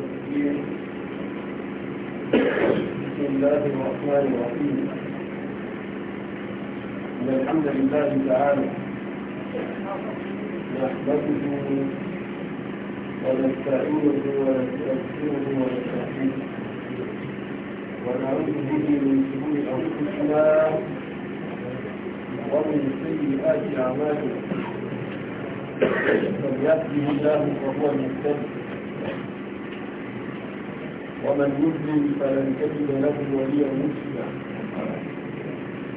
بسم الله الرحمن الرحيم إن الحمد لله تعالى نحمده ونستعينه ونستغفره ونستهديه ونعوذ به من شرور أنفسنا ومن سيئات أعمالنا من يهده الله فهو المهتدي ومن يذنب فلن تجد له وليا مرشدا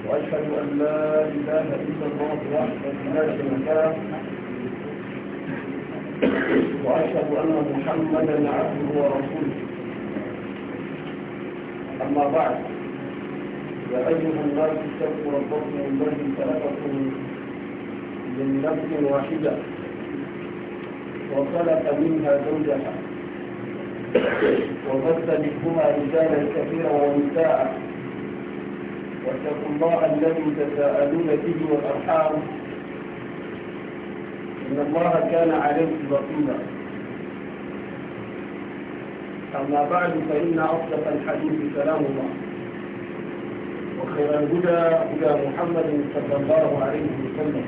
واشهد ان لا اله الا الله وحده لا شريك له واشهد ان محمدا عبده ورسوله اما بعد يا ايها الناس اتقوا ربكم الذي خلقكم من نفس واحده وخلق منها زوجها وبث منهما رجالا كثيرا ونساء واتقوا الله الذي تساءلون به والارحام ان الله كان عليكم رقيبا اما بعد فان اصدق الحديث كلام الله وخير الهدى هدى محمد صلى الله عليه وسلم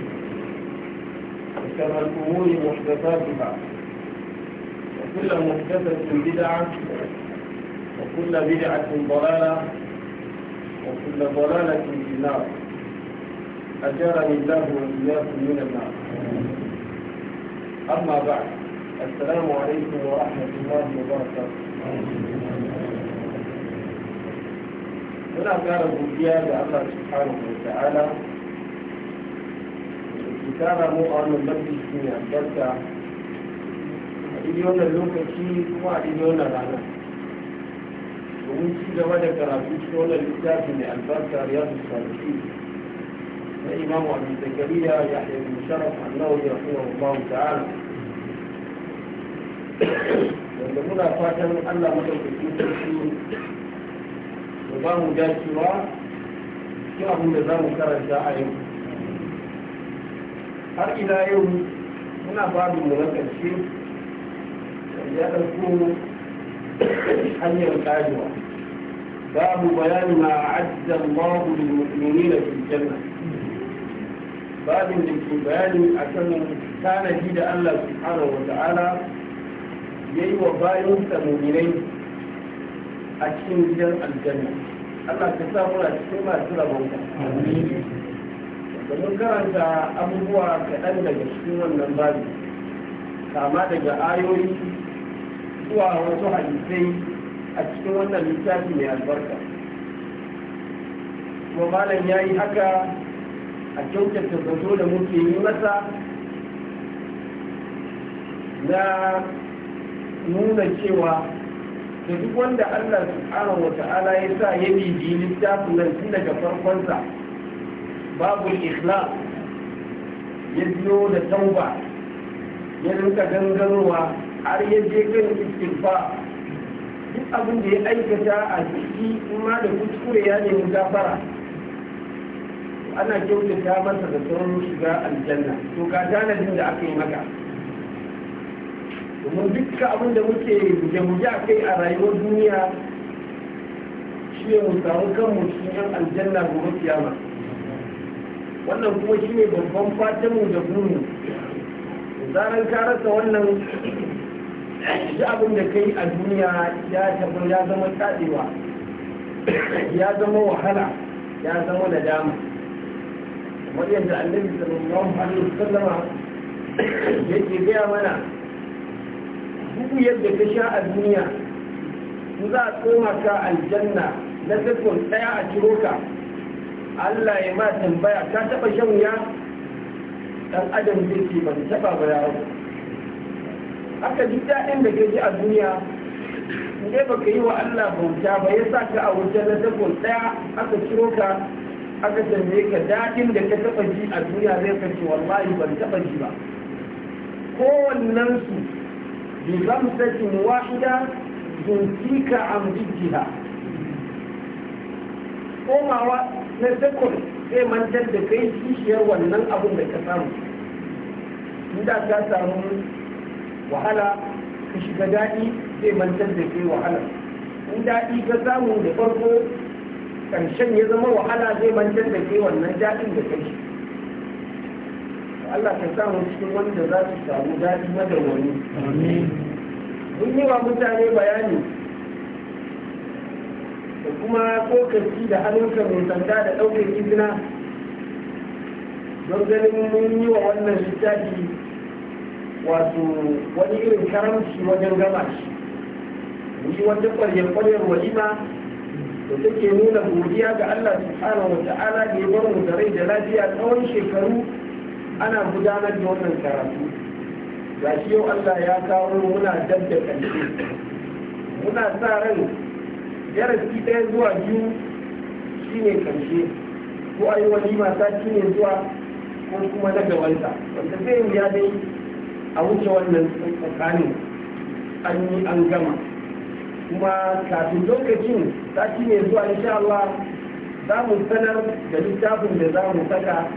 وشر الامور محدثاتها كل محدثة بدعة وكل بدعة ضلالة وكل ضلالة في النار أجرني الله وإياكم من النار أما بعد السلام عليكم ورحمة الله وبركاته هنا كان godiya ga سبحانه وتعالى كان مؤمن da ke tara ɗini wannan lokaci kuma a ɗini wannan rana domin ci gaba da karatu cikin wannan littafi mai albarka ya su sarki na imamu abu zakariya ya haɗe sharaf annawa ya kuma allahu ta'ala wanda muna fatan allah madaukakin sarki da ba mu dacewa cikin abin da za mu karanta a yau har ila yau muna babu mu na ya ɗauko hanyar ƙarewa babu bayani ma a'adda Allahu lil mu'minina fil janna babin da ke bayani akan tanadi da Allah subhanahu wa ta'ala ya yi wa bayansa mu'minai a cikin gidan aljanna Allah ka sa muna cikin masu rabonka domin karanta abubuwa kaɗan daga cikin wannan babi kama daga ayoyi zuwa wasu hadisai a cikin wannan littafi mai albarka kuma malam ya yi haka a kyautata zato da muke yi masa na nuna cewa da duk wanda Allah subhanahu wa ta'ala ya sa ya bibi littafin nan tun daga farkonsa babu ikhlas ya biyo da tauba ya rinka gangarwa har ya je kan istifa duk abin da ya aikata a ciki kuma da kuskure ya nemi gafara ana kyautata masa da sauran shiga aljanna to ka tanadin da aka yi maka domin dukkan abin da muke guje-guje a kai a rayuwar duniya shi ne mu samu kanmu cikin yan aljanna gobe kiyama wannan kuma shi ne babban fatanmu da bumu. zaran ka rasa wannan duk abin da kai a duniya ya tafi ya zama tsadewa ya zama wahala ya zama da dama kamar yadda annabi sallallahu alaihi wasallama yake gaya mana duk yadda ka sha a duniya in za a tsoma ka aljanna na sakon daya a ciro ka Allah ya ma tambaya ka taɓa shan wuya ɗan adam zai ce ban taɓa ba ya haka duk daɗin da ji a duniya in baka yi wa Allah bauta ba ya sa ka a wuce na dakon ɗaya aka ciro ka aka canje ka daɗin da ka taɓa ji a duniya zai ka ce wallahi ban taɓa ji ba kowannen su bi zamsatin wahida zuntika an bijjiha komawa na dakon zai mantar da kai kishiyar wannan abun da ka samu inda ka samu wahala ka shiga daɗi zai mantar da ke wahala in daɗi ka samu da farko ƙarshen ya zama wahala zai mantar da ke wannan daɗin da kai Allah ka samu cikin wanda za su samu daɗi madawwani mun yi wa mutane bayani da kuma kokarci da hannunka mai sanda da ɗaukar izina don ganin mun yi wa wannan littafi wato wani irin karamci wajen gama shi yi wata kwaryar-kwaryar walima da take nuna godiya ga Allah subhanahu wa ta'ala da ya bar da rai da lafiya tsawon shekaru ana gudanar da wannan karatu ga shi yau Allah ya kawo muna dab da muna sa ran darasi ɗaya zuwa biyu shine ƙarshe ko ayi walima sati ne zuwa ko kuma na gabanta wanda zai ya dai a wuce wannan tsakanin an yi an gama kuma kafin lokacin sati mai zuwa insha Allah za mu sanar da littafin da za mu saka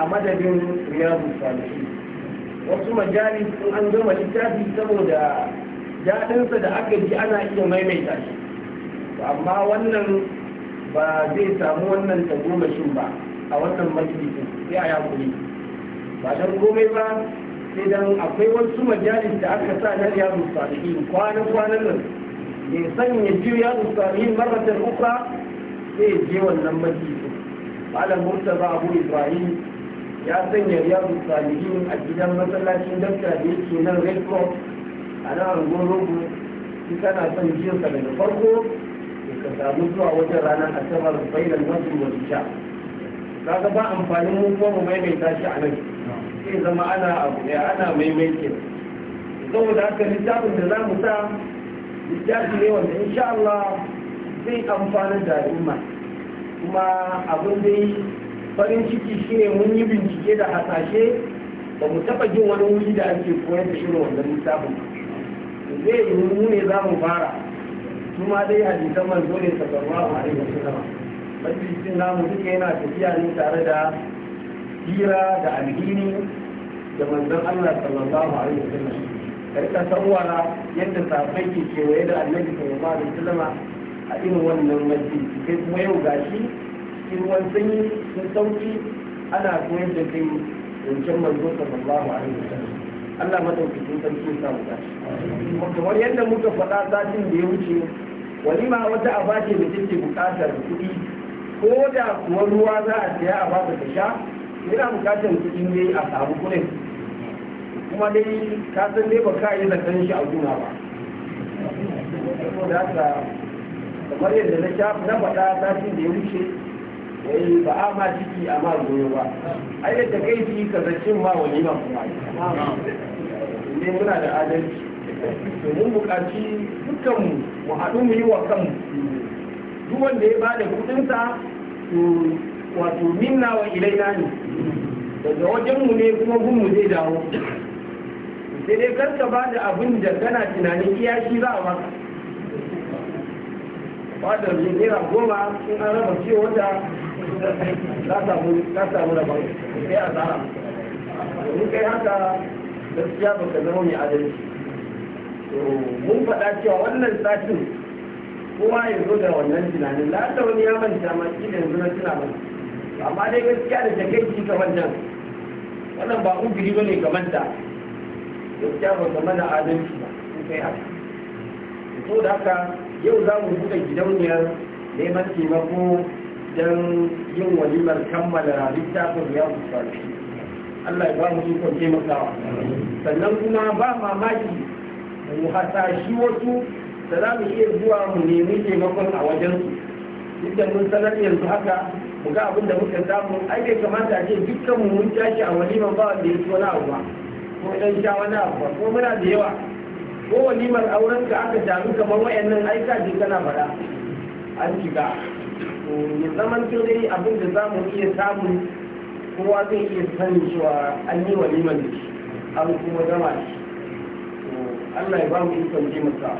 a madadin riyadu salihu wasu majalis sun an gama littafi saboda daɗinsa da aka ji ana iya maimaita shi amma wannan ba zai samu wannan tagomashin ba a wannan majalisin sai a yakuri ba don komai ba sai dan akwai wasu majalis da aka sa na riyadu salihin kwanan kwanan nan ya ji riyadu salihin marratan ukra sai je wannan majalisi malam murtaza abu ibrahim ya sanya riyadu salihin a gidan masallacin dakta da yake nan red cross a nan angon rogo shi kana son jinsa daga farko ka samu zuwa wajen ranar asabar bayan wajen wajen sha kaga ba amfanin mu ko mu maimaita shi a nan sai zama ana abu ne ana maimaiti saboda haka littafin da za mu sa littafi ne wanda insha Allah zai amfani da al'umma kuma abin da yi farin ciki shine mun yi bincike da hasashe ba mu taɓa jin wani wuri da ake koyar da shirin wannan littafin zai yi mu ne za mu fara kuma dai hadisan manzo ne sallallahu alaihi wasallam cikin namu duka yana tafiya ne tare da hira da alhini da manzon Allah sallallahu alaihi wasallam ta san wala yadda sahabbai ke kewaye da annabi sallallahu alaihi wasallam a irin wannan masjidi kai kuma yau gashi cikin ruwan sanyi sun sauki ana koyar da kai wancan manzo sallallahu alaihi wasallam Allah madaukakin sarki ya samu gashi kamar yadda muka faɗa satin da ya wuce walima wata aba ce da take buƙatar kuɗi ko da kuwa ruwa za a siya a baka ta sha yana bukatar kuɗi ne a samu kuɗin kuma dai ka san ne ba ka yi zaton shi a gona ba saboda kamar yadda na sha na faɗa satin da ya wuce wai ba a ma ciki a ma goyo ba ai da kai ji ka zacin ma wani ma kuma ne muna da adalci domin bukaci dukkanmu mu haɗu mu yi wa kanmu duk wanda ya bada kuɗinsa to wato minna wa ilaina ne daga wajenmu ne kuma mu zai dawo sai dai karka ba da abin da kana tunanin iya shi za a maka wadda zai nera goma in an raba ce wata za samu da ba sai a zara domin kai haka gaskiya ba ka zama mai adalci mun faɗa cewa wannan satin kowa ya zo da wannan tunanin lantarki wani ya manta ma kila yanzu na tuna amma dai gaskiya da takaici ta nan wannan ba ujiri bane ga manta gaskiya ba ga mana adalci ba in kai haka to da haka yau za mu buɗe gidauniyar neman taimako don yin walimar kammala littafin ya fuskanci Allah ya ba mu ikon taimakawa sannan kuma ba mamaki mu hasashi wasu da za mu iya zuwa mu nemi taimakon a wajensu duk da mun sanar yanzu haka mu ga abin da muka samu ai bai kamata a ce dukkan mu mun tashi a waliman ba wanda ya ci wani abu ba ko dan sha wani abu ba ko muna da yawa ko walimar auren ka aka taru kamar wayannan ai ka je kana fada an shiga ya zaman to abin da za mu iya samu kowa zai iya sani cewa an yi walimar da shi an kuma gama shi Allah ya ba mu ikon jimata.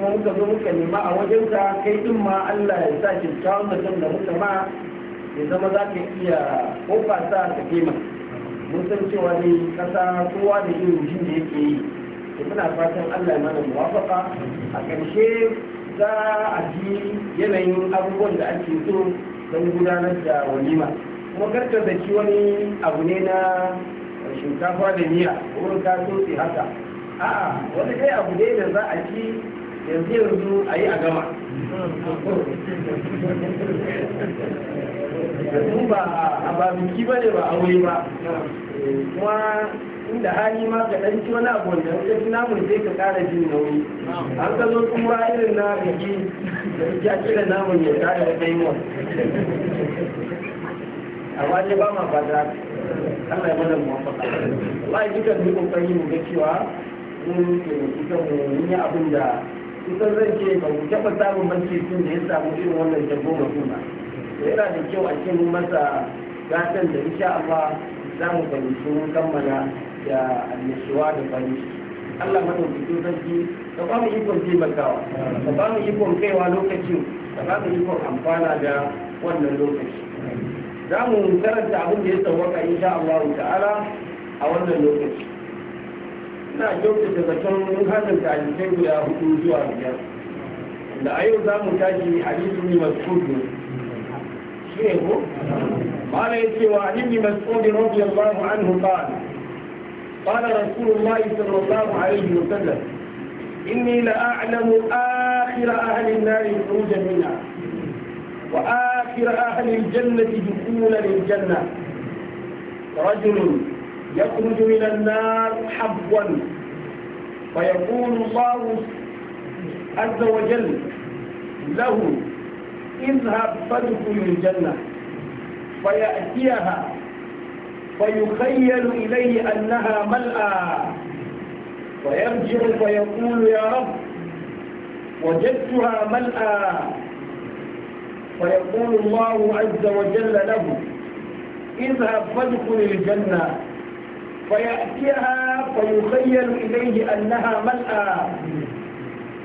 kuma muka zo muka nema a wajen wajenka kai din ma Allah ya sa kyakkyawan mutum da muka ma ya zama za ka iya kofa sa ka kema mun san cewa ne kasa kowa da irin jin da yake yi to muna fatan Allah ya mana muwafaka a ƙarshe za a ji yanayin abubuwan da ake so don gudanar da walima kuma da shi wani abu ne na shinkafa da miya wurin ka haka a'a wani dai abu ne da za a ci yanzu yanzu a yi a gama yanzu ba a babiki ba ne ba a wuri ba kuma inda hali ma ka ɗan ci wani abu wanda ka fi namun sai ka ƙara jin nauyi an ka zo irin na biki ya kira namun ya ƙara da baiwa amma ba ma fata Allah ya mana kokari mu ga cewa kusan zan ce ba ku taɓa samun tun da ya samu irin wannan jago ga kuma yana da kyau a cikin masa gatan da insha Allah za mu fahimci mun kammala da annashuwa da farin ciki Allah madaukakin sarki ka ba mu ikon taimakawa ka ba mu ikon kaiwa lokacin ka ba mu ikon amfana da wannan lokaci za mu karanta abin da ya sauwaka insha Allah ta'ala a wannan lokaci ina kyautata zaton mun hakan ta hadisai guda hudu zuwa biyar da a yau za mu tashi hadisi ne mas'ud ne shi ne ko mala ya ce wa ibn mas'ud radiyallahu anhu qala qala rasulullahi sallallahu alaihi wa sallam inni la a'lamu akhir ahli an-nar khurujan minha wa akhir ahli al-jannati dukhulan al-jannah رجل يخرج من النار حبوا فيقول الله عز وجل له اذهب فادخل الجنة فيأتيها فيخيل إليه أنها ملأى فيرجع فيقول يا رب وجدتها ملأى فيقول الله عز وجل له اذهب فادخل الجنة فيأتيها فيخيل إليه أنها ملأى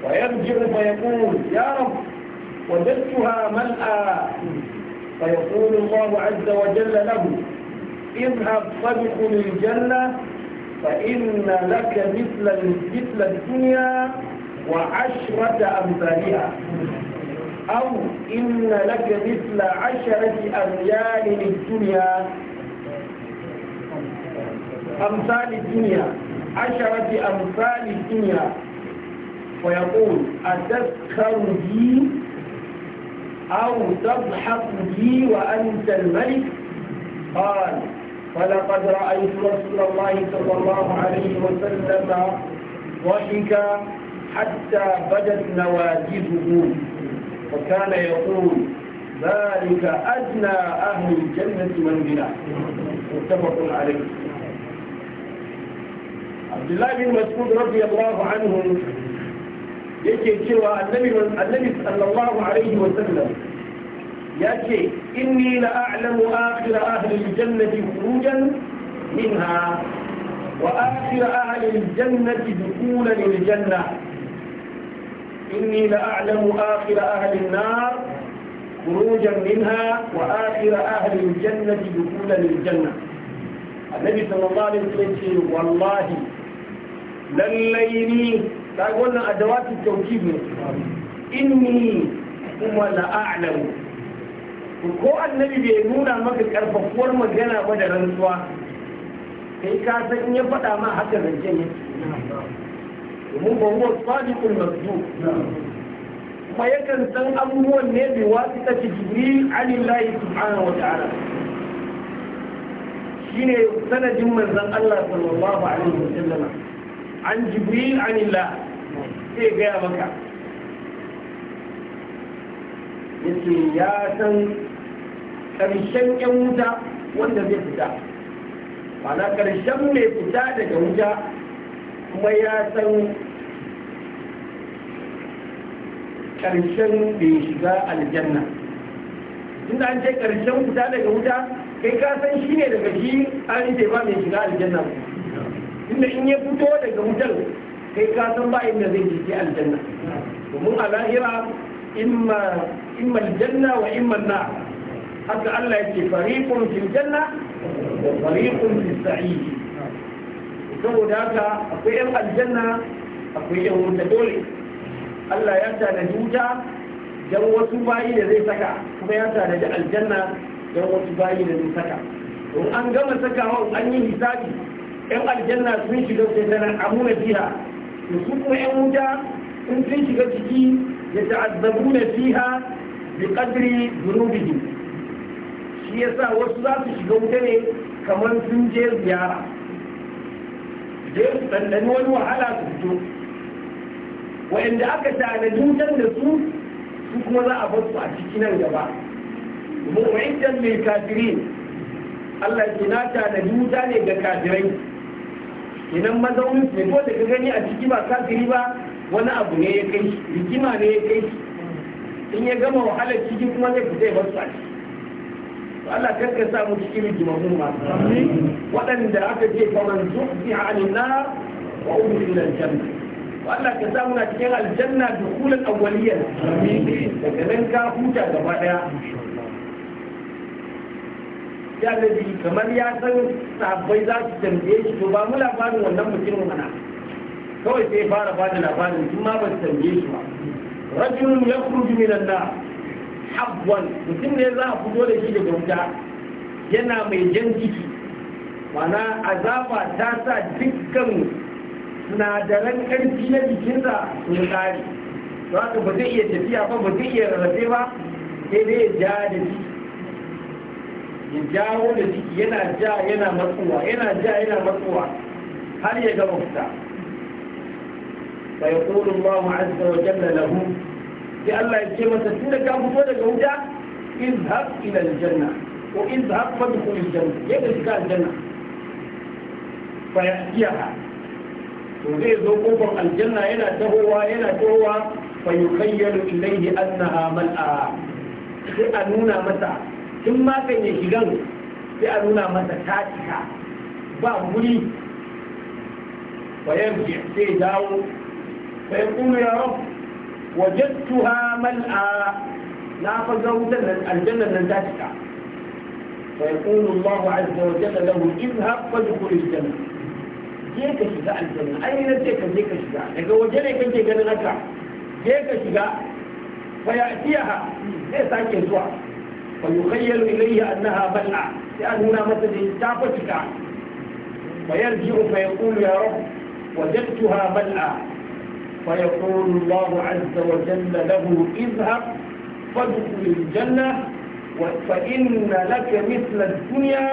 ويرجع فيقول يا رب وجدتها ملأى فيقول الله عز وجل له اذهب فادخل الجنة فإن لك مثل مثل الدنيا وعشرة أمثالها أو إن لك مثل عشرة أميال للدنيا أمثال الدنيا عشرة أمثال الدنيا ويقول أتسخر بي أو تضحك بي وأنت الملك قال ولقد رأيت رسول الله صلى الله عليه وسلم ضحك حتى بدت نواجذه وكان يقول ذلك أدنى أهل الجنة والبناء متفق عليه abdullahi bin mas'ud radiyallahu anhu yake cewa annabi annabi sallallahu alaihi wa sallam yace inni la a'lamu akhir ahli al-jannati khurujan minha wa akhir ahli al-jannati dukulan lil-jannah inni la a'lamu akhir ahli an-nar خروجا منها وآخر أهل الجنة دخولا للجنة النبي صلى الله عليه وسلم والله lallai ni ta wannan adawatu tauki ne inni kuma la'alamu ko annabi bai nuna maka karfafuwar magana ba da rantsuwa kai ka san in ya faɗa ma haka zance ne domin ba huwa sadiqul mazdu kuma yakan san abubuwan ne bi wasu ta jibril alillahi subhanahu wa ta'ala shine sanadin manzon Allah sallallahu alaihi wa sallama an jibril anillah sai gaya maka yake ya san ƙarshen yan wuta wanda zai fita na ƙarshen mai fita daga wuta kuma ya san ƙarshen mai shiga aljanna inda an ce ƙarshen fita daga wuta kai ka san shi ne daga shi an ba mai shiga aljanna tunda in ya fito daga wutar kai ka san ba inda zai je sai aljanna domin a lahira imma imma aljanna wa imma na haka Allah yake fariqun fil janna wa fariqun fis sa'id saboda haka akwai yan aljanna akwai yan wuta dole Allah ya tanadi wuta dan wasu bayi da zai saka kuma ya tanadi aljanna dan wasu bayi da zai saka to an gama sakawa an yi hisabi yan aljanna sun shiga sai amuna fiha da su kuma yan wuta sun sun shiga ciki ya ta'azzabuna fiha bi qadri dhunubihim shi yasa wasu za su shiga wuta ne kamar sun je ziyara da su wani wahala su fito wa'anda aka tanadi wutan da su su kuma za a bar su a ciki nan gaba muaidan lil kafirin Allah ke na tanadi wuta ne ga kafirai idan mazaunin su ko da ka gani a ciki ba kafiri ba wani abu ne ya kai shi rikima ne ya kai shi in ya gama wahalar ciki kuma zai fita ya bar su a ciki Allah kan sa mu cikin rigimamu ba waɗanda aka ce faman zuhzi anin nar wa udkhila aljanna Allah ka sa muna cikin aljanna dukulan awwaliyan daga nan ka huta gaba daya shi kamar ya san sabbai za su tambaye shi to ba mu labarin wannan mutumin mana kawai sai fara ba da labarin tun ma ba su tambaye shi ba rajulun ya kurji minan na habwan mutum ne za a fito da shi daga wuta yana mai jan jiki mana azaba ta sa dukkan sinadaran karfi na jikinsa sun kare za ka ba zai iya tafiya ba ba zai iya rarrafe ba sai dai ya ja da jiki ya jawo da jiki yana ja yana matsuwa yana ja yana matsuwa har ya gama fita fa yaqulu Allahu azza wa jalla lahu sai Allah ya ce masa da ka fito daga wuta In izhab ila aljanna ko in izhab fadkhul aljanna ya ga shiga aljanna fa ya'tiha to zai zo kofar aljanna yana tahowa yana tahowa fa yukhayyalu ilayhi annaha mal'a sai a nuna masa in ma kan ya shigan sai a nuna masa ta cika ba wuri wayan sai dawo sai kuma ya rabu tuha mal'a na fa ga wutar nan aljannar nan ta Je ka shiga aljanna. وجل له اذهب فادخل الجنة ka shiga. Daga waje ne جيك ganin haka. Je ka shiga. Fa ya شجاع ha. ليس sake zuwa. fa yukhayyalu ilayya annaha bal'a sai an nuna masa da ta fatika fa yarji'u fa yaqulu ya rabb wajadtuha bal'a fa yaqulu Allah 'azza wa jalla lahu idhhab fadkhul al-janna fa inna laka mithla ad-dunya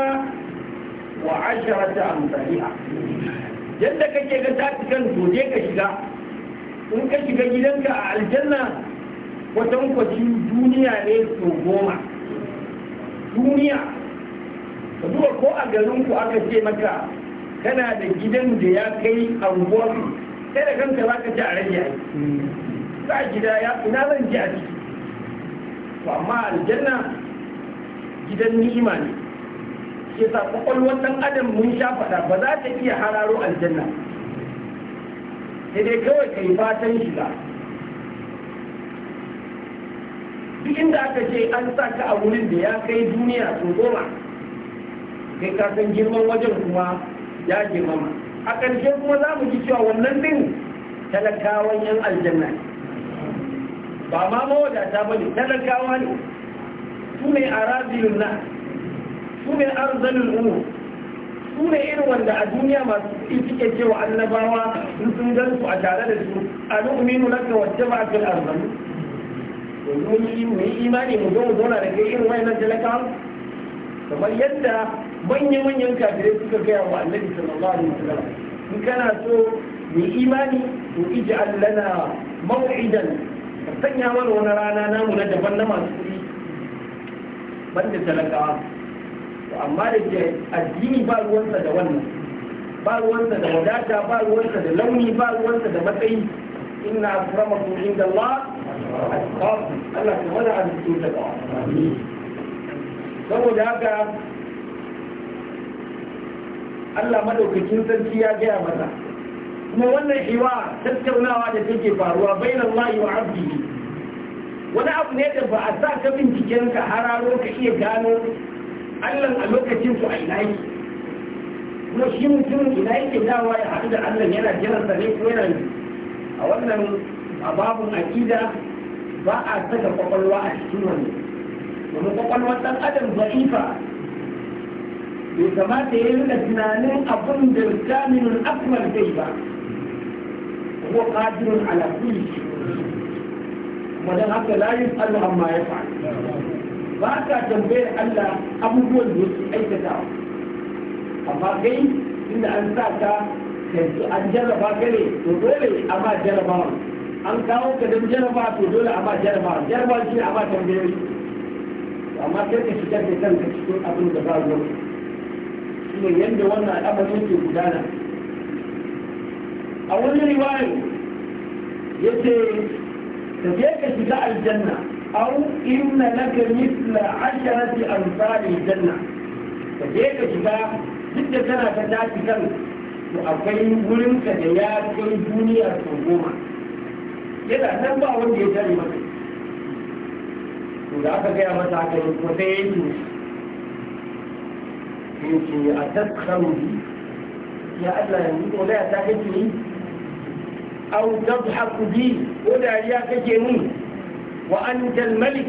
wa 'asharata amsalha yadda kake ga tatikan ka shiga in ka shiga gidanka a aljanna wata duniya ne so goma duniya ka zuwa ko a garinku aka ce maka kana da gidan da ya kai anguwar sai da kanka za ka ci a rage yi ba gida ya ina zan ji a ciki to amma aljanna gidan ni'ima ne ke sa kwakwalwar ɗan adam mun sha faɗa ba za ta iya hararo aljanna sai dai kawai kai fatan shiga duk inda aka ce an sa ka a wurin da ya kai duniya sun goma kai ka san girman wajen kuma ya girmama a ƙarshe kuma za mu ji cewa wannan din talakawan yan aljanna ba ma mawadata ba ne talakawa ne su ne a razilun na su ne arzalin umu su ne irin wanda a duniya masu kuɗi suke cewa annabawa sun sun gan su a tare da su a nu'minu na kawace ba fil arzalin mun yi mu imani mu zo mu zauna da kai irin wayannan talakawa kamar yadda manya-manyan kafirai suka gaya wa annabi sallallahu alaihi wasallam in kana so mu imani to ij'al lana maw'idan ka sanya mana wani rana namu na daban na masu kuɗi banda talakawa to amma da ke addini ba ruwansa da wannan ba ruwansa da wadata ba ruwansa da launi ba ruwansa da matsayi inna akramakum inda Allah atqakum Allah ta wani a cikin da ba saboda haka Allah madaukakin sarki ya gaya mata kuma wannan hiwa tattaunawa da take faruwa bainan wani abu ne da ba a sa ka binciken ka hararo ka iya gano allan a lokacin su a ina kuma shi mutumin ina yake dawa ya haɗu da allan yana jiran sa ne ko yana a wannan babun akida ba a saka kwakwalwa a cikin wani domin kwakwalwar ɗan adam za'ifa bai kamata ya rika tunanin abun da jami'in akwai zai ba ko qadirun ala kulli kuma dan haka la yus'alu amma ba ka tambayar Allah abubuwan da yake aikata, amma kai inda an sa ka yanzu an jarraba ka ne to dole a ma jarrabawa an kawo ka don jarraba to dole a ma jarrabawa jarraba shi a ma tambayoyi amma sai ka shigar da kanka cikin abin da ba ruwa shi ne yadda wannan al'amarin ke gudana a wani riwayar ya ce ka je ka shiga aljanna au inna laka misla asharati amsalil janna ka je ka shiga duk da kana ta tashi kanka to akwai wurin ka da ya kai duniya sau goma yana nan ba wanda ya tare masa to da aka gaya masa haka yi ko sai ya yi to ya ce a taskaru ya Allah yanzu ko da ya ta kake ni au tadhaku bi ko da ya kake ni? wa anta al-malik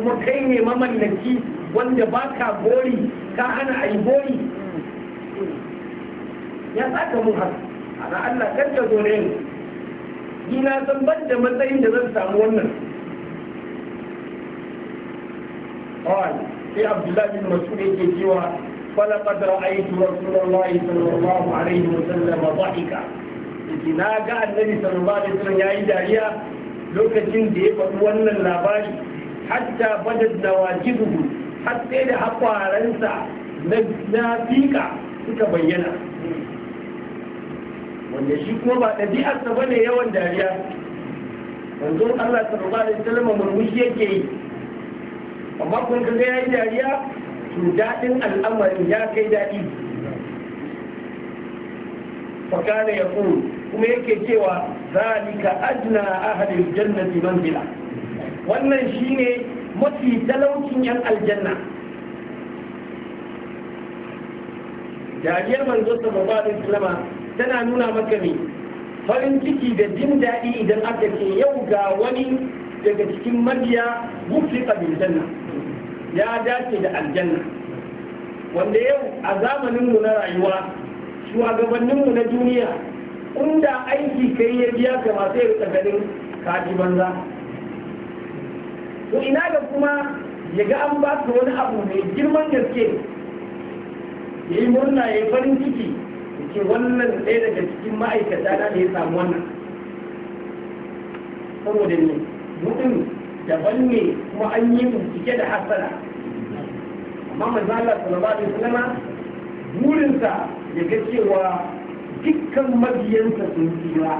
kuma kai ne mamallaki wanda baka gori ka hana ai gori ya saka mun haka ana Allah kar ka zo ne ni na san ban da matsayin da zan samu wannan قال في عبد الله cewa مسعود يجوا فلقد رأيت rasulullahi sallallahu alaihi wa sallam dhahika ضحكا na ga annabi sallallahu alaihi sallam yayi dariya lokacin da ya faɗi wannan labari hatta badad nawajibuhu har sai da hakwaransa na fika suka bayyana wanda shi kuma ba ɗabi'arsa ba ne yawan dariya yanzu Allah ta ruba da salama murmushi yake yi amma kun ga ya dariya to daɗin al'amarin ya kai daɗi fakana ya kuma yake cewa zalika adna ahli jannati manzila wannan shine mafi talaucin yan aljanna dariyar manzo sallallahu alaihi wasallam tana nuna maka mai farin ciki da jin daɗi idan aka ce yau ga wani daga cikin mabiya wufi janna ya dace da aljanna wanda yau a zamaninmu na rayuwa shugabanninmu na duniya inda aiki kai ya biya ka masu yau tsakanin kaji banza ku ina da kuma ya ga an baka wani abu mai girman gaske ya yi murna ya farin ciki ce wannan ɗaya daga cikin ma'aikata da ya samu wannan saboda ne mutum daban ne kuma an yi bincike da hasara amma manzo Allah sallallahu alaihi wasallam burinsa ya ga cewa dukkan mabiyansa sun tsira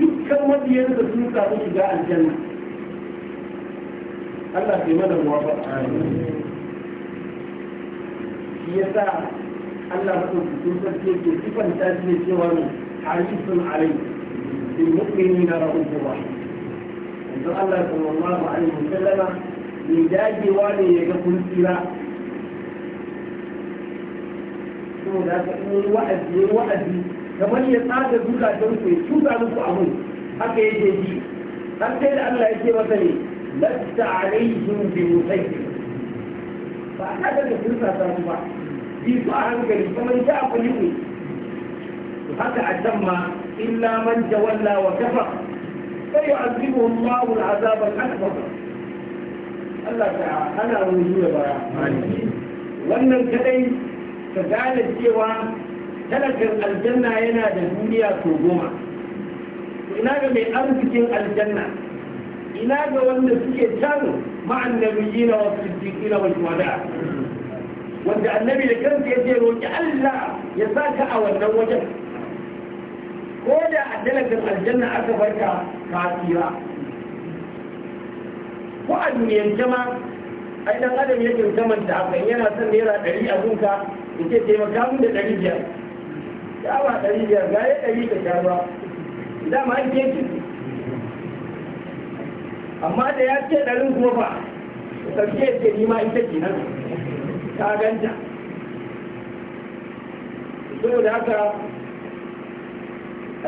dukkan mabiyansa sun samu shiga aljanna Allah ke mana muwafaqa shi yasa الله سبحانه وتعالى في تلك الكتب تأتي سوره عليه المؤمنين رؤوف الله عند الله صلى الله عليه وسلم من ذاك والي يقول سيرا من وعد من وعد كمن يصاد دولا جنسي شو تعرفوا أمون حتى يجي حتى يجي وثني لست عليهم بمسيطر فأحد الفرصة تعرفوا bi su a hankali kamar ja a kuliku haka a can ma illa man jawalla wa kafa sai ya azibu Allahu al'azab al-akbar Allah ta ana rubutu da baya wannan kadai ta gane cewa talakar aljanna yana da duniya to goma ina ga mai arzikin aljanna ina ga wanda suke can ma'an nabiyina wa siddiqina wa shuhada wanda annabi da kansa ya ce roƙi Allah ya sa ka a wannan wajen ko da addalatin aljanna aka barka kafira ko a duniyance jama ai dan adam yake a hakan yana son naira ɗari a zunka ya ce taimaka mun da ɗari biyar ya ba ɗari biyar ga ya ɗari ka sha ruwa dama an ke ci amma da ya ce ɗarin kuma ba sarki ya ce nima ita ke nan ka ganta saboda haka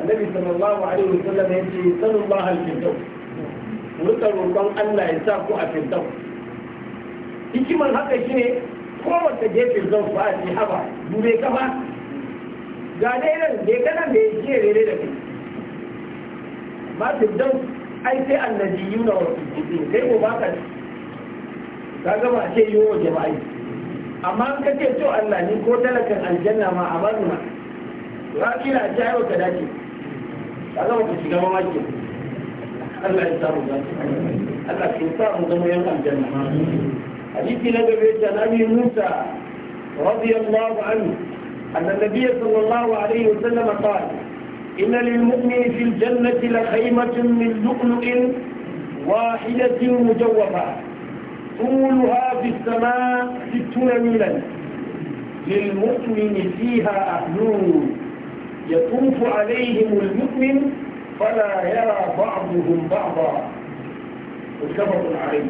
annabi sallallahu alaihi wasallam ya ce sanin ba halfintau rika roƙon Allah ya sa ku a fintau hikimar haka shine kowace gefe zan fa a haba dube ka ba ga dai nan da kana da ya ce rere da kai ba fintau ai sai annabi yuna wa fintau sai ko ba ka ka gama ce yi wa jama'i amma an ka ce to Allah ni ko talakan aljanna ma a bani ma ba kila ji ai ka dace ka zama ka shiga mamaki Allah ya samu ba Allah ya samu zama yan aljanna hadisi na gabe ta nabi Musa radiyallahu anhu أن النبي صلى الله عليه وسلم قال إن للمؤمن في الجنة لخيمة من لؤلؤ واحدة مجوفة طولها في السماء ستون ميلا للمؤمن فيها أهلون يطوف عليهم المؤمن فلا يرى بعضهم بعضا متفق عليه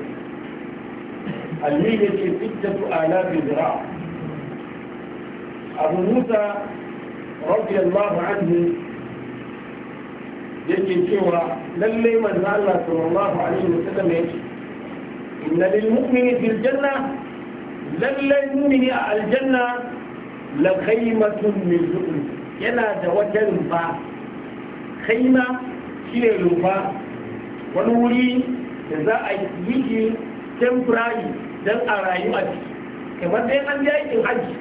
الميلة ستة آلاف ذراع أبو موسى رضي الله عنه سوى cewa lallai manzo صلى الله عليه وسلم yake inna lil mu'mini fil lallai mu'mini a aljanna la khaymatun min lu'lu yana da wata rumfa khayma shine rumfa wani wuri da za a yi shi temporary dan a rayu a ciki kamar dai an je aikin hajji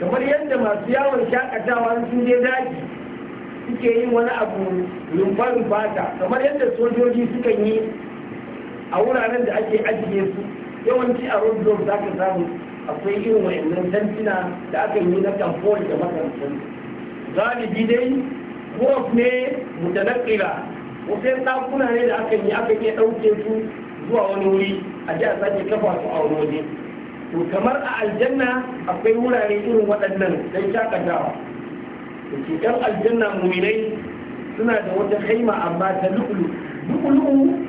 kamar yadda masu yawon shakatawa sun je daji suke yi wani abu rumfa rumfa kamar yadda sojoji sukan yi a wuraren da ake ajiye su yawanci a rundunar za ka samu akwai irin wayannan tantina da aka yi na kamfol da makarantar galibi dai kof ne mutanakila wasu ɗakuna ne da aka yi aka iya ɗauke su zuwa wani wuri a ji a sake kafa su a wani waje to kamar a aljanna akwai wurare irin waɗannan don shakatawa da ke ɗan aljanna muminai suna da wata haima amma ta lukulu lukulu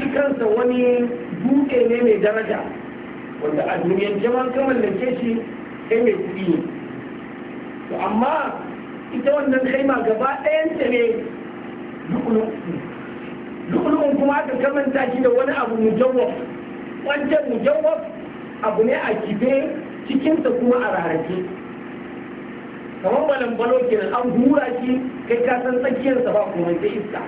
shi kansa wani dutse ne mai daraja wanda a duniyar jaman da ke shi kai mai kuɗi ne to amma ita wannan kaima gaba ɗayanta ne lukulu lukulun kuma aka kamanta shi da wani abu mujawwaf wancan mujawwaf abu ne a kife cikinsa kuma a rarrake kamar malam balo kenan an hura shi kai ka san tsakiyarsa ba kuma sai iska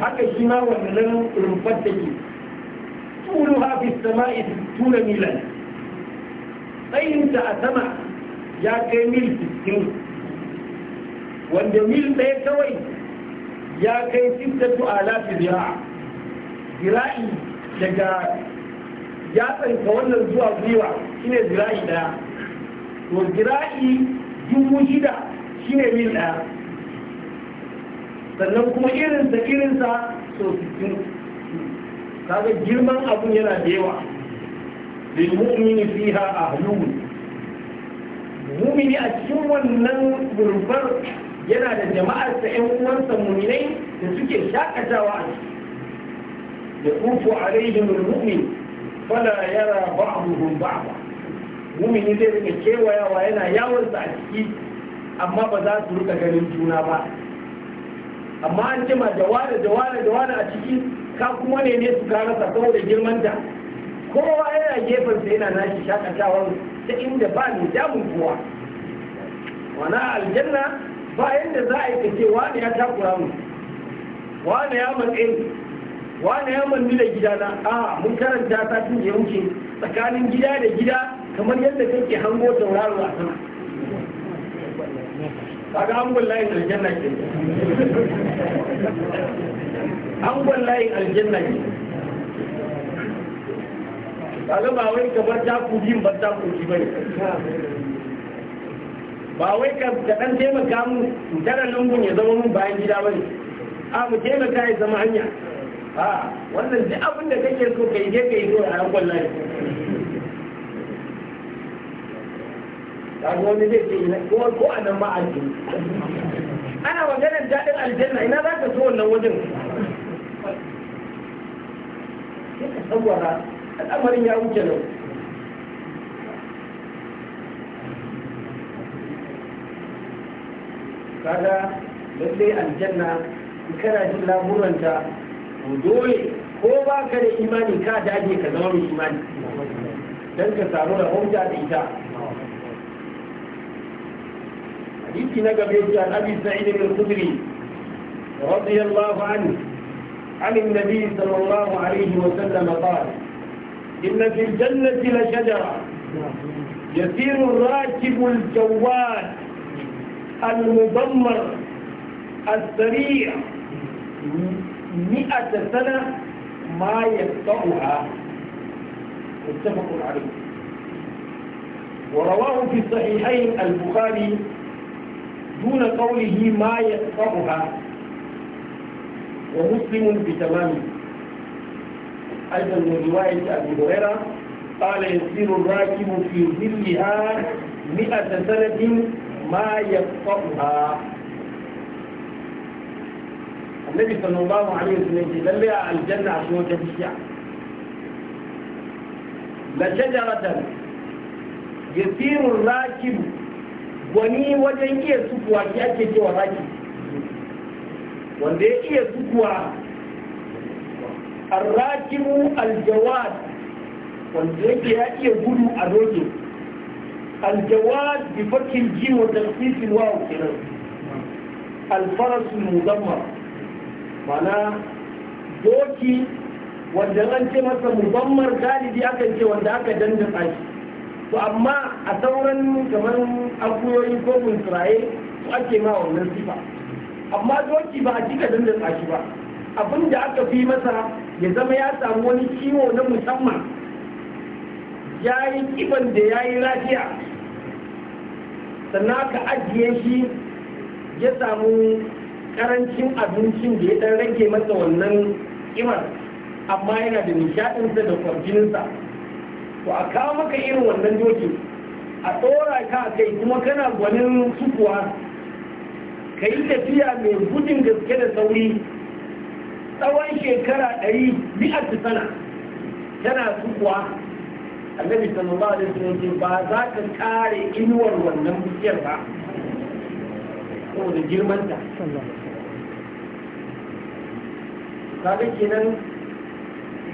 haka shi ma wanda wannan rumfar take tulu hafi sama'i tuna milan tsayinta a sama ya kai mil 60 wanda mil ɗaya kawai ya kai sittatu alafi zira'a zira'i daga yatsanka wannan zuwa gwiwa ne zira'i ɗaya to zira'i dubu shida shi ne mil ɗaya sannan kuma irinsa irinsa so kaga girman abun yana da yawa lilmu'mini fiha ahlun mu'mini a cikin wannan gurbar yana da jama'arsa ƴan uwansa mu'minai da suke shakatawa a ciki yaqufu alaihim almu'min fala yara ba'dhum ba'dha mu'mini zai rika kewayawa yana yawonsa a ciki amma ba za su rika ganin juna ba amma an jima da wane da wane da wane a ciki ka kuma ne ne su kara sa girman girmanta kowa yana gefen sa yana nashi shakatawa ta inda ba ne damun kowa wana aljanna ba yadda za a yi ce wane ya takura mu wane ya matsayi wane ya mandu da gidana a mun karanta ta da ya wuce tsakanin gida da gida kamar yadda kake hango tauraro a sama kaga an wallahi aljanna ke an wallahi aljanna ke kaga ba wai kamar ta kuji ba ta kuji bane ba wai ka dan taimaka mu dara lungun ya zama mun bayan gida bane a mu taimaka ya zama hanya a wannan duk abin da kake so kai je kai zo a ran wallahi kaga wani zai ce ina kuma ko a nan ba a ji ana maganar daɗin aljanna ina za ka so wannan wajen sai ka al'amarin ya wuce nan kaga lallai aljanna in kana jin laburanta to dole ko ba ka da imani ka dage ka zama mai imani Dan ka samu rahota da ita حديث نقبيت عن أبي سعيد الخدري رضي الله عنه عن النبي صلى الله عليه وسلم قال إن في الجنة لشجرة يسير الراكب الجواد المدمر السريع مئة سنة ما يقطعها متفق عليه ورواه في الصحيحين البخاري دون قوله ما يقطعها ومسلم بتمامه أيضا من رواية أبي هريرة قال يسير الراكب في ظلها مئة سنة ما يقطعها النبي صلى الله عليه وسلم لم يرى الجنة عشان وجه لشجرة يسير الراكب wani wajen iya sukuwa shi ake cewa raki wanda ya iya sukuwa arrakimu aljawad wanda yake ya iya gudu a doke aljawad bi fakin ji wa tasfisin wawo kenan alfarasu mudamma mana doki wanda an ce masa mudammar galibi akan ce wanda aka dandasa shi to amma a sauran kamar akuyoyi ko bunsuraye su ake ma wannan sifa amma doki ba a cika da tsaki ba abin da aka fi masa ya zama ya samu wani ciwo na musamman ya yi kiban da ya yi lafiya sannan aka ajiye shi ya samu karancin abincin da ya dan rage masa wannan kimar amma yana da nishaɗinsa da kwarjininsa to a kawo maka irin wannan doki a tsora ka a kai kuma kana gwanin sukuwa ka yi tafiya mai gudun gaske da sauri tsawon shekara ɗari bi'ar ta sana tana sukuwa annabi sallallahu alaihi wasallam ba za ka kare inuwar wannan bukiyar ba saboda girmanta kaga kenan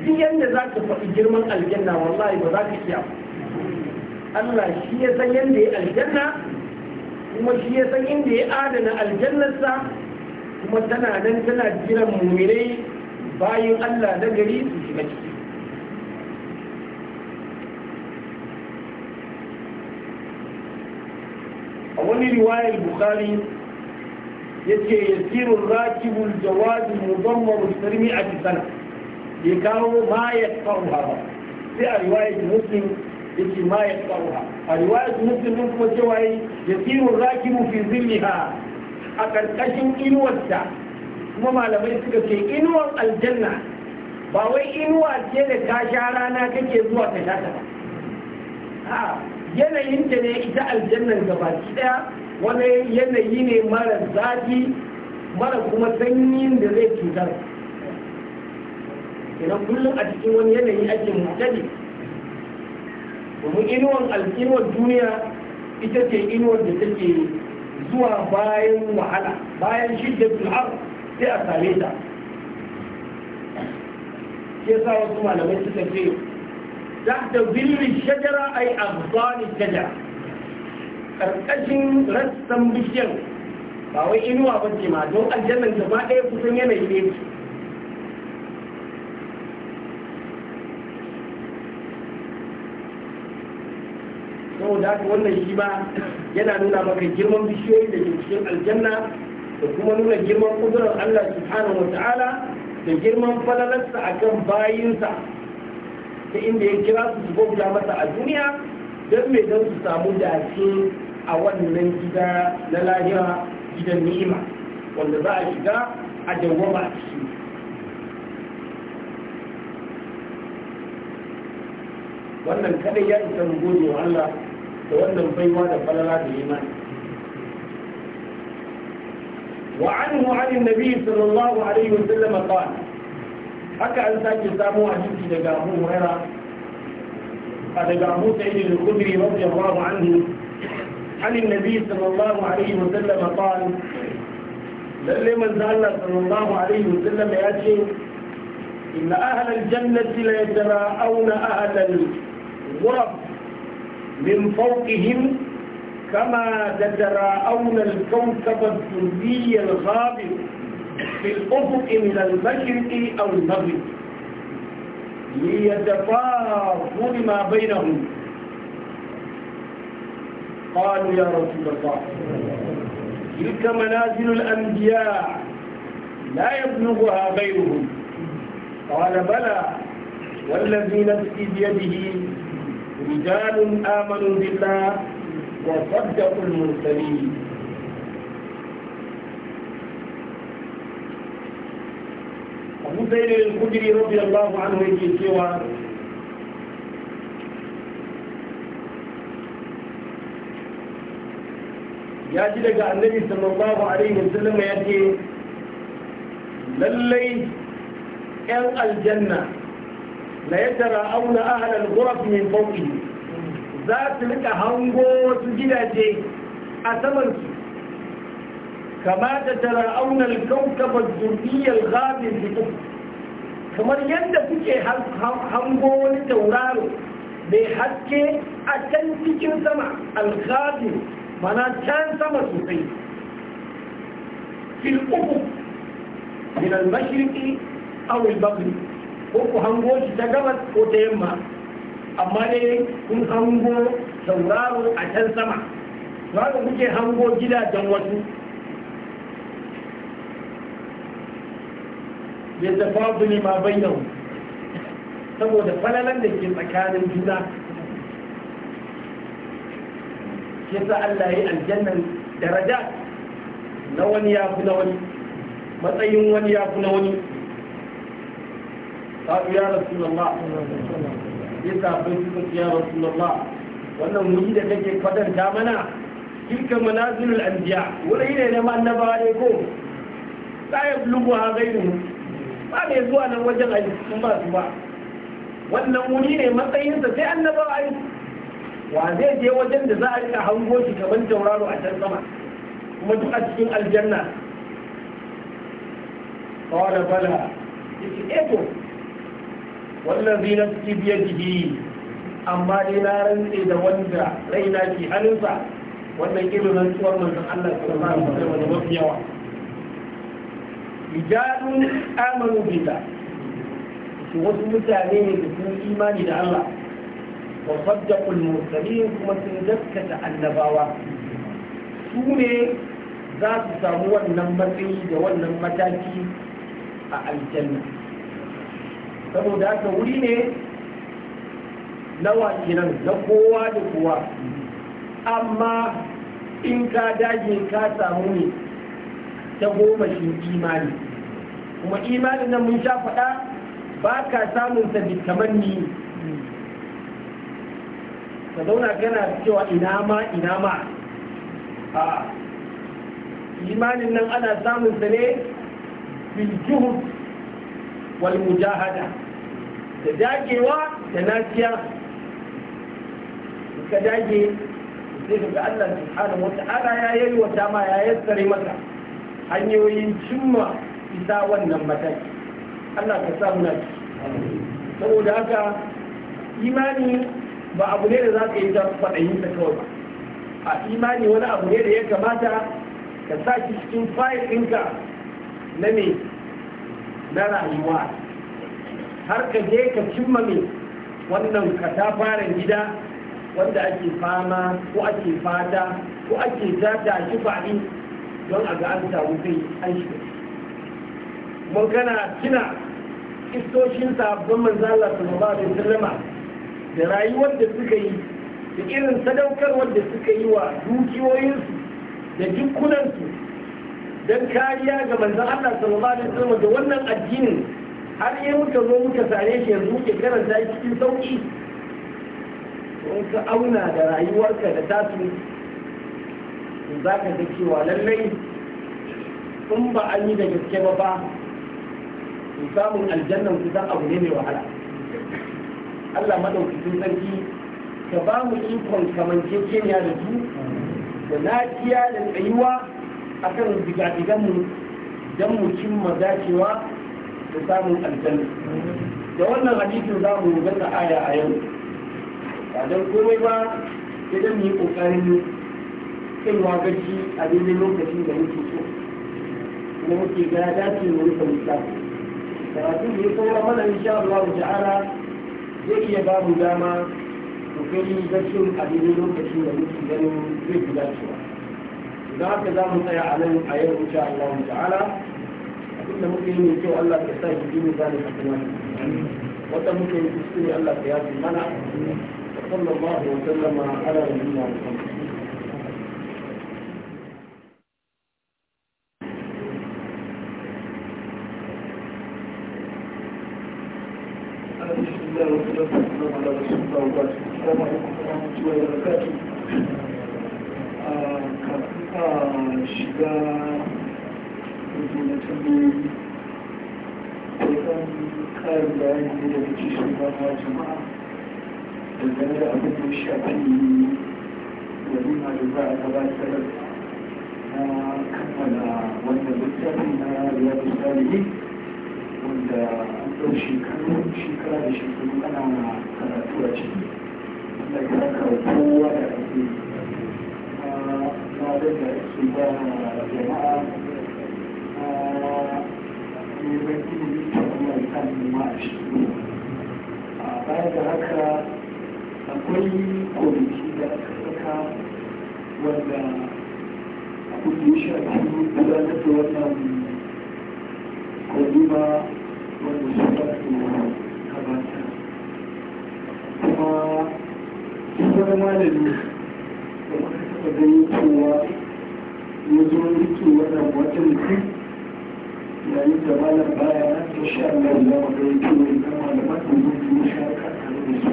duk yadda za ka faɗi girman aljanna wallahi ba za ka iya Allah shi ya san yadda ya aljanna kuma shi ya san inda ya adana aljannarsa kuma tana nan tana jiran muminai bayan Allah na gari su shiga ciki a wani riwayar bukari ya ce yasirun rakibul jawadi muzammar sarmi a bisana ya kawo ma ya faruha ba sai a riwayat muslim yake ma ya faruha a riwayat muslim din kuma cewa yi ya tsiru rakibu fi zilliha a karkashin inuwarta kuma malamai suka ce inuwar aljanna ba wai inuwa ce da ka sha rana kake zuwa ta sha ta ba yanayin ta ne ita aljannan gabaki daya wani yanayi ne mara zafi mara kuma sanyin da zai cutar kenan kullum a cikin wani yanayi ake mutane domin inuwar alkinuwar duniya ita ce inuwar da take zuwa bayan wahala bayan shiddatul har sai a same ta ke sa wasu malamai suka ce تحت ظل الشجرة أي أغصان الشجرة ƙarƙashin rassan bishiyar ba wai inuwa ba ce ma don aljannan gaba ɗaya kusan yanayi ne saboda haka wannan shi ba yana nuna maka girman bishiyoyi da ke cikin aljanna da kuma nuna girman kudurar Allah subhanahu wa ta'ala da girman falalarsa akan bayinsa ta inda ya kira su su bauta masa a duniya don mai don su samu dace a wannan gida na lahira gidan ni'ima wanda za a shiga a dawwama a ciki wannan kadai ya isa mu gode wa Allah da wannan baiwa da falala وعنه عن النبي صلى الله عليه وسلم قال حكى an sake samo a jiki daga abu huraira a daga abu sa'id al عن النبي صلى الله عليه وسلم قال للي من زال صلى الله عليه وسلم يأتي إن أهل الجنة ليتراءون أهل الغرب من فوقهم كما تتراءون الكوكب الدري الغابر في الأفق من المشرق أو المغرب ليتفاقوا ما بينهم قالوا يا رسول الله تلك منازل الأنبياء لا يبلغها غيرهم قال بلى والذي نفسي بيده رجال آمنوا بالله وصدقوا المرسلين أبو زيد الخدري رضي الله عنه يجي سوى ya ji daga annabi sallallahu alaihi wasallam ya ce lallai 'yan aljanna la yatara'auna auna al-ghuraf mai fawqihim za su rika hango wasu gidaje a samansu su kama ta tara'auna al-kawkab ad kamar yadda suke hango wani tauraro mai haske a can cikin sama al mana can sama sosai fil uku min al-mashriqi aw al-maghrib ko ku hango shi ta gabas ko ta yamma amma dai kun hango sauraro a can sama za ka kuke hango gida gidajen wasu ya tafafu ne ma bayyau saboda falalan da ke tsakanin juna sa Allah ya aljannan daraja na wani ya fi na wani matsayin wani ya fi na wani قالوا يا رسول الله يسا بيتك يا رسول الله وانا مجد كجي قدر جامنا تلك منازل الأنبياء ولا هنا لما النبا عليكم لا يبلغها غيرهم ba mai zuwa nan wajen aiki ba su ba wannan wuri ne matsayinsa sai annaba aiki wa zai je wajen da za a rika hango shi kamar tauraro a can sama kuma duk a cikin aljanna kawai bala yake Wannan wallazi nafsi biyadihi amma dai na rantse da wanda raina ke hannunsa wannan irin rantsuwar manzon Allah sallallahu alaihi wani mafi yawa rijalun amanu billah shi wasu mutane ne da sun imani da Allah wa saddaqul mursalin kuma sun gaskata annabawa su ne za su samu wannan matsayi da wannan mataki a aljanna saboda haka wuri ne nawa kenan na kowa da kowa amma in ka dage ka samu ne ta goma shi imani kuma imanin nan mun sha faɗa ba ka samun kamar ni. ka zauna kana cewa ina ma ina ma a imanin nan ana samun sa ne biljuhud wal mujahada da dagewa da nasiya ka dage zai daga Allah subhanahu wata'ala ya wa ma ya yassare maka hanyoyin cimma isa wannan mataki Allah ka sa muna saboda haka imani ba abu ne da za ka yi da faɗayin ta kawai ba a imani wani abu ne da ya kamata ka sa shi cikin fayil ɗinka na me na rayuwa har ka je ka cimma mai wannan fara gida wanda ake fama ko ake fata ko ake zata shi faɗi don a ga an samu kai an shi mun kana tuna kistoshin sabbin manzala sallallahu alaihi wasallama da rayuwar da suka yi da irin sadaukarwar da suka yi wa dukiyoyinsu da jikunansu don kariya ga manzon Allah sallallahu alaihi wasallam da wannan addinin har yi muka zo muka sare shi yanzu muke karanta shi cikin sauki in ka auna da rayuwarka da tasu za ka ga cewa lallai in ba an yi da gaske ba fa samun aljannan kusan abu ne mai wahala Allah madaukakin sarki ka ba mu ikon kamanceceniya da su da lafiya da tsayuwa akan digadigan mu dan mu cimma dacewa da samun aljanna da wannan hadisin za mu gasa aya a yau ba don komai ba idan mu yi kokarin kaiwa gaci a daidai lokacin da muke so kuma muke ga dace mu rufe lissafi da wasu ya saura mana insha Allah ta'ala zai iya ba mu dama ko kai gacin a daidai lokacin da muke ganin zai fi dacewa هكذا متيع عليهم حيوه إن شاء الله تعالى أكون ممكن أن يكون الله كسائل جيني ذلك حكمان وأنت ممكن أن تسكني الله في هذه المنع وصلى الله وسلم على نبينا محمد بسم faruwa jama'a dangane da abin da shafi walima da za a gabatar na kammala wannan littafi na riyadu salihi wanda an ɗau shekaru shekara da shekaru ana karatu a ciki wanda ya kawo kowa da ake na da su ba jama'a na ilimin ta kuma kan ma a shi a baya da haka akwai komiti da aka saka wanda abin da ya shafi gudanar da wannan kwalima wanda suka su kamata kuma sun malami da muka taɓa ganin cewa ya zo rike wannan watan biyu yayin da malam baya nan insha Allah za mu ga yake wani kan da mun yi shaka ah, tare da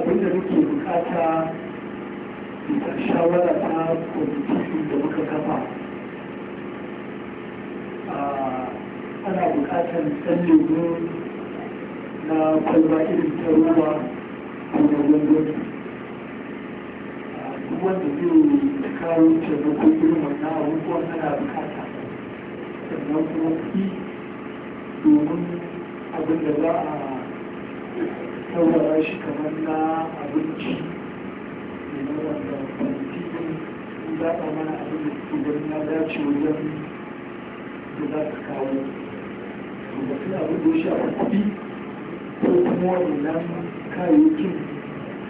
su abin da muke bukata ita shawara ta kwamitin da muka kafa ah, ana bukatar tsalle na kwalba irin ta ruwa ko na gwangwani ah, duk wanda zai kawo taimako irin wannan abubuwan ana bukata sannan kuma fi domin abin da za a saurara shi kamar na abinci domin wanda kwanci za a mana abin da suke ganin ya dace wajen da za ka kawo da su abin da ya shafa kuɗi ko kuma wannan kayayyakin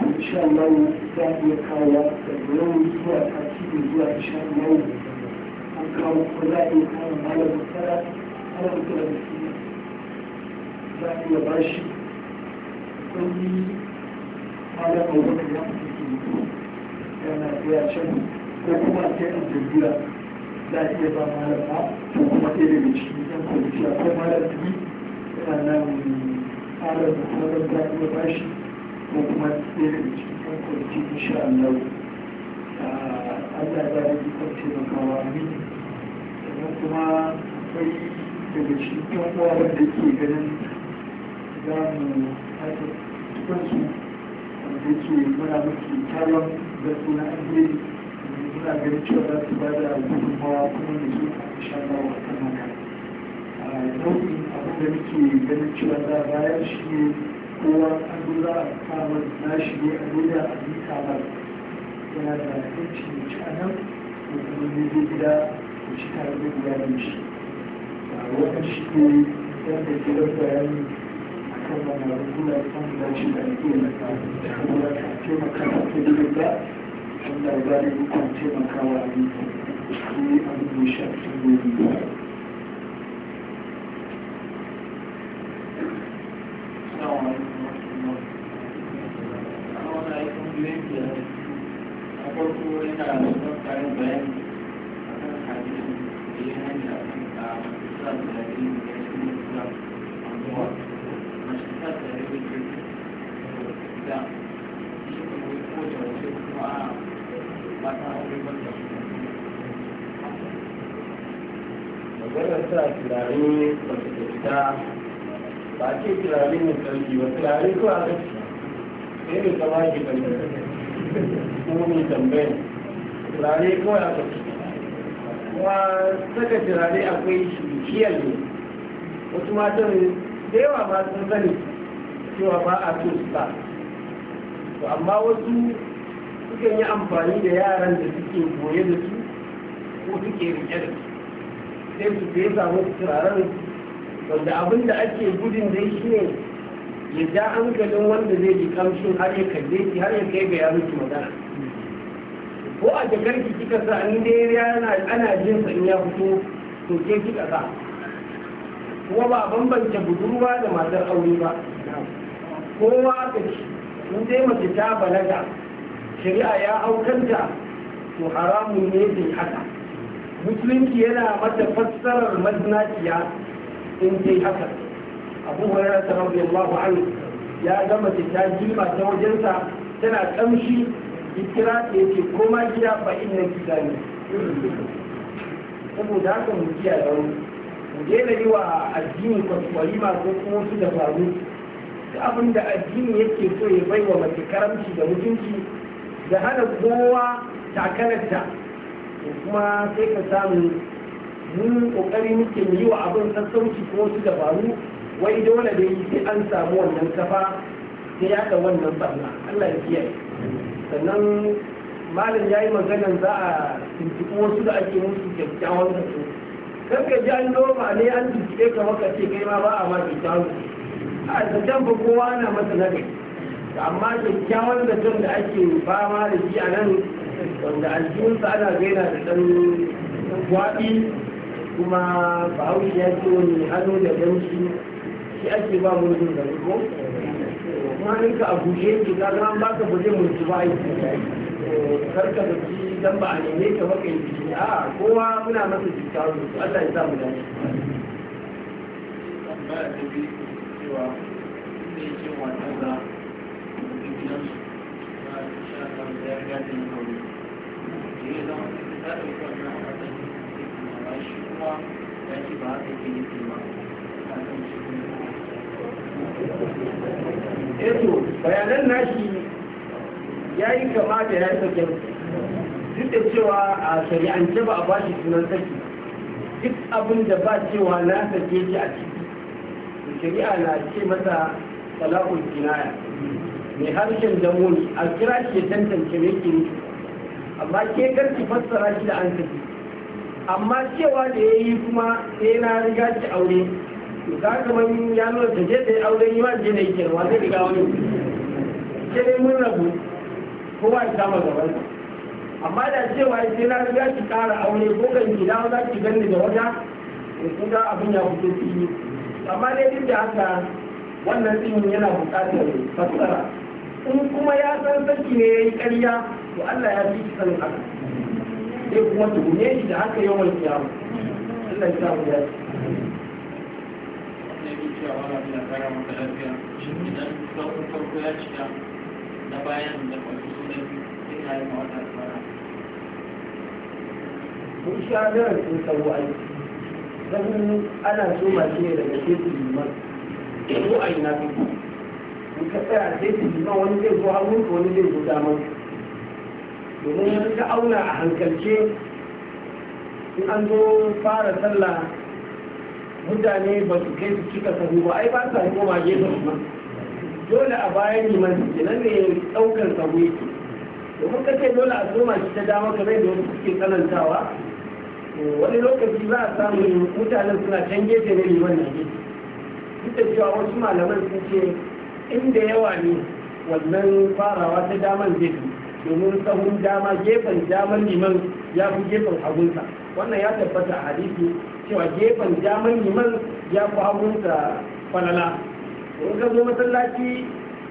insha Allah za mu iya kawo da yau zuwa kan mai zuwa insha Allah an kawo ko za a iya kama malamin tara ana mutu da gaskiya za a iya ba shi kuɗi malamin wata ya mutu ke yana can ko kuma sai an jirgira za a iya ba malam ba ko kuma ɗaya daga cikin yan kwaliti akwai malam tuni yana nan ƙarar kuma za a iya ba shi ko kuma ɗaya daga cikin yan kwaliti insha Allah ah, Allah ya taimakawa kuma akwai daga ke ganin za mu haɗa tukansu wanda yake muna da suna muna ganin cewa za su bada gudunmawa kuma da su a shaɗa wa kan haka da ganin cewa za a shi kowa a shi a a yana da kunci ya ci a nan ko kuma ne zai gida ya ci tare da iyalin shi wannan shi ne wanda ke da bayani a kan wani rukuna ya samu dace da ake yi na kuma ka taimaka ta ke da wanda ba da ikon taimakawa a yi abin da ya shafi gobe maganar sa turare ba su fita ba ce a rashi sai mai ke turare kawai aka kuma saka turare akwai kiyar ne wasu matan da yawa ma sun sani cewa ba a so ba to amma wasu sukan yi amfani da yaran da suke goye da su ko suke rike da su sai su sai samu turaren wanda abin da ake gudun dai shi ne ya ja hankalin wanda zai ji kamshin har ya kalle shi har ya kai ga ya mutu magana ko a jakar ki kika sa in dai yana ana jin sa in ya fito to ke kika sa kuma ba bambance budurwa da matar aure ba kowa ka ci in dai mace ta balaga shari'a ya aukanta to haramun ne bai haka musulunci yana mata fassarar maznaciya in dai haka abu hurairah radiyallahu anhu ya ga mace ta jima ta wajensa tana kamshi kira ta yake koma gida ba inna gida ne saboda haka mu kiya da mu daina yi wa addini kwaskwari masu kuma wasu dabaru da abin da addini yake so ya bai wa mace karamci da mutunci da hana kowa takararta kuma sai ka samu mun kokari muke yi wa abin sassauci ko da faru? wai dole da yi sai an samu wannan kafa sai ya wannan barna Allah ya kiyaye sannan malam ya yi maganan za a tuntuɓi wasu da ake musu kyakkyawan zato kan ka ji an noma ne an tuntuɓe ka maka ce kai ma ba a ma kyakkyawan a zaton ba kowa ana masa nagari amma kyakkyawan zaton da ake fama da shi a nan wanda aljihunsa ana gaina da ɗan gwaɗi kuma bahaushe ya ce wani hannu da ganshi shi ake ba mu da ka a guje ke ka zama ba ka guje mu su ba ta eh, karka da shi dan ba a neme ka ba kai biki a kowa muna masa jikka su Allah ya sa mu dace Thank you. eto bayanan nashi ya yi kama da ya yi sakin duk da cewa a shari'ance ba a ba shi sunan saki duk abin da ba cewa na sake shi a ciki shari'a na ce masa talakul kinaya mai harshen damoni a kira shi ya tantance mai ke amma ke garki fassara shi da an saki amma cewa da ya yi kuma sai na riga shi aure za ka mani ya nuna ta je ta yi aure yi ma je da yake wa zai riga wani sai dai mun rabu kowa ta ma gaban amma da cewa sai na riga ki kara aure ko kan ki dawo za ki ganni da wata to kun ga abin ya fito fili amma dai duk da haka wannan tsimin yana buƙatar fassara in kuma ya san saki ne ya yi ƙarya to Allah ya fi sanin haka zai kuma tuhume shi da haka yawan kiyama Allah ya sa mu dace cewa wani abin da kara maka lafiya idan sauran farko ya cika na bayan da kwanci biyu sai na yi mawata fara mun sha zarar sun sau ai don ana so masu ne daga sai su liman ko a yi ina fi in ka tsaya sai su liman wani zai zo ka wani zai zo damar domin ka auna a hankalce in an zo fara sallah mutane ba su kai su cika sahu ba ai ba sa koma gefen ba dole a bayan liman ke nan ne daukar sahu yake domin ka dole a soma shi ta dama kamar da wasu suke tsanantawa wani lokaci za a samu mutanen suna can gefe ne liman na gefe duk da cewa wasu malaman sun ce inda yawa ne wannan farawa ta daman zai domin sahun dama gefen daman liman ya fi gefen hagunsa wannan ya tabbata a hadisi cewa gefen daman liman ya fi hagunsa falala in ka zo masallaci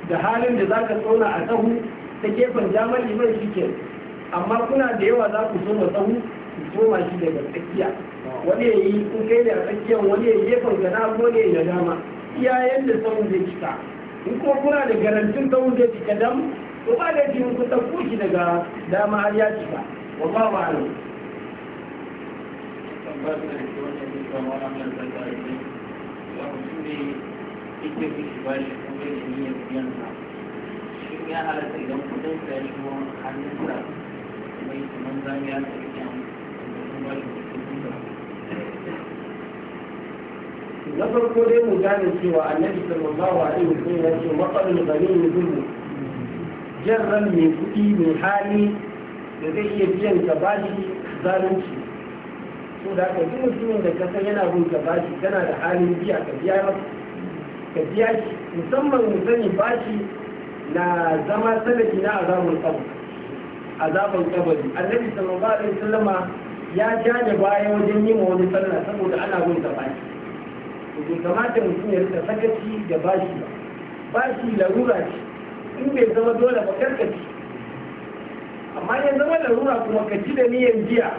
da halin da za ka tsona a tsahu ta gefen daman liman shi ke amma kuna da yawa za ku tsoma tsahu ku tsoma shi daga tsakiya wani ya yi kun kai da tsakiyan wani ya gefen gana ko ne ya dama iya yadda tsawon zai cika in kuma kuna da garantin tsawon zai cika dam to ba da jin ku ɗauko shi daga dama har ya cika wa ba wa na farko dai mu gane cewa annabi sallallahu alaihi wasallam ya ce matsalul gani zulmu jarran mai kuɗi mai hali da zai iya biyan ta bashi zalunci ko da aka duk mutumin da ka san yana bin ka bashi kana da halin biya ka biya ka biya shi musamman mu sani bashi na zama sanadi na azabun kabu azabun qabr annabi sallallahu alaihi wasallama ya jaje baya wajen yin wani sallah saboda ana bin ka bashi to kamata mutum ya rika sakaci da bashi ba bashi larura ce in bai zama dole ba karkaci amma ya zama larura kuma ka ci da niyyar jiya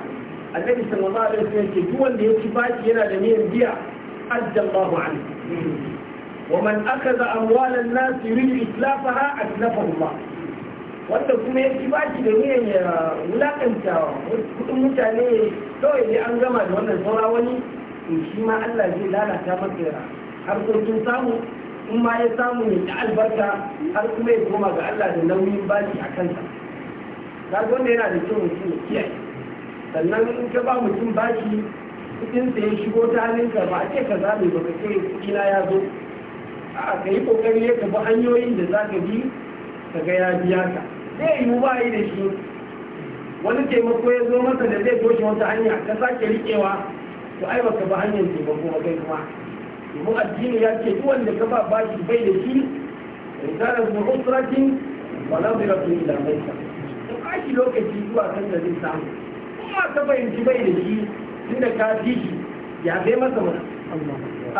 annabi sallallahu alaihi wasallam ce duk wanda ya ci baki yana da niyyar biya adda alaihi wa man akaza amwalan nas yuridu islafaha aslafa Allah wanda kuma ya baki da niyyar ya wulakanta kudin mutane kawai ne an gama da wannan saura wani to shi ma Allah zai lalata masa harkokin samu in ma ya samu ne da albarka har kuma ya koma ga Allah da nauyin baki a kansa kaga wanda yana da kyau mutum ya kiyaye sannan in ka ba mutum baki kudin sa ya shigo ta halin ka ba ce ka zabe ba ka kai kila ya zo a ka yi kokari ya bi hanyoyin da za ka bi ka ga ya biya ka zai yi ba yi da shi wani taimako ya zo masa da zai toshe wata hanya ka sake riƙewa to ai ka ba hanyar taimako ba kai kuma domin addini ya ce duk wanda ka ba bashi bai da shi risalar mu usratin wala bi rabbi ila maita to kashi lokaci zuwa kan da zai samu ma ka fahimci bai da shi inda ka fi shi ya zai masa masu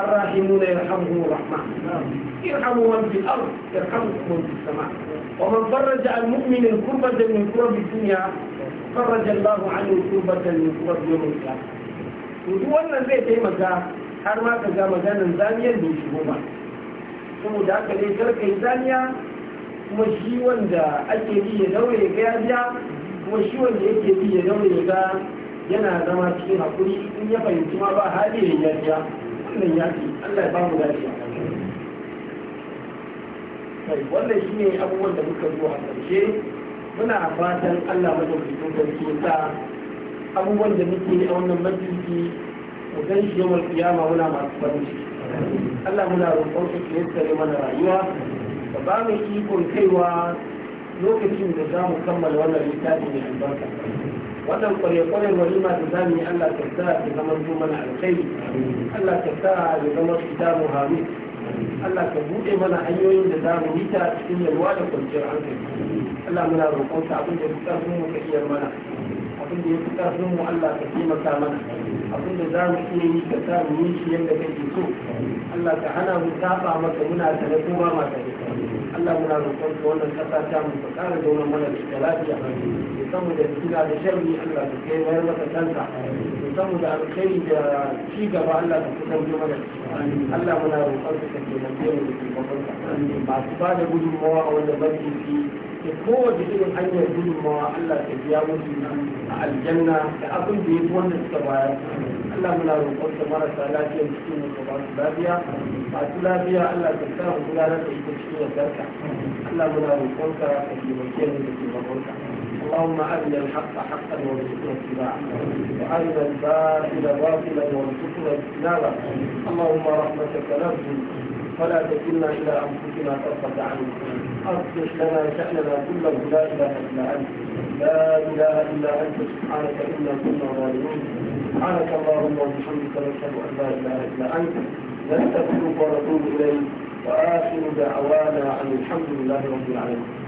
arrahimu na yarhamu wa rahma irhamu wa bi al yarhamu wa bi sama wa man farraja al mu'min al kurbat al min kurab al dunya farraja Allahu anhu al kurbat al min kurab yawm al qiyamah to duk wannan zai taimaka har ma ka ga maganan zaniyan da shi goma saboda haka dai karkai zaniya kuma shi wanda ake yi ya daure ga yaja kuma shi wanda yake bi ya daure ya ga yana zama cikin hakuri in ya fahimci ma ba hali ya yarda wannan ya fi Allah ya ba mu dace wannan shi ne abubuwan da muka zuwa a ƙarshe muna fatan Allah madaukakin sarki ya sa abubuwan da muke a wannan majalisi mu gan shi yawan kiyama muna masu farin ciki Allah muna roƙon ka ki yassare mana rayuwa ba mu ikon kaiwa lokacin da za mu kammala wannan littafi mai albarka wannan kwarekwarar walima da za mu yi Allah ta sa ta zama su mana alkhairi Allah ta sa ya zama su ta muhammi Allah ka buɗe mana hanyoyin da za mu yi ta cikin yalwa da kwanciyar hankali Allah muna roƙon ta abin da duk ƙarfin mu ka iya mana abin da ya fi ƙarfin mu Allah ka taimaka mana abin da za mu iya yi ka sa mu yi shi yadda kake so Allah ka hana mu saba maka muna tare ko ba ma tare Allah muna roƙon ka wannan ƙasa ta mu ka ƙara zauna mana da lafiya ya samu da kira da sharri Allah ka kai mayar maka kanka ya samu da alkhairi da ci gaba Allah ka mana Allah muna roƙon ka ka taimake mu da masu ba da gudunmawa a wanda barci da kowace irin hanyar gudunmawa Allah ta biya musu a aljanna da abin da ya fi wanda suka bayar Allah muna roƙon ta marasa lafiyar cikin da ba su lafiya masu lafiya Allah ta sa mu gudanar da ita cikin yardarka Allah muna roƙon ta ka taimake mu da taimakonka اللهم أرنا الحق حقا وارزقنا اتباعه وأرنا الباطل باطلا وارزقنا اجتنابه اللهم رحمتك نرجو فلا تكلنا إلى أنفسنا طرفة عين أصلح لنا شأننا كله لا إله إلا أنت لا إله إلا أنت سبحانك إنا كنا ظالمين سبحانك اللهم وبحمدك نشهد أن لا إله إلا أنت نستغفرك ونتوب إليك وآخر دعوانا أن الحمد لله رب العالمين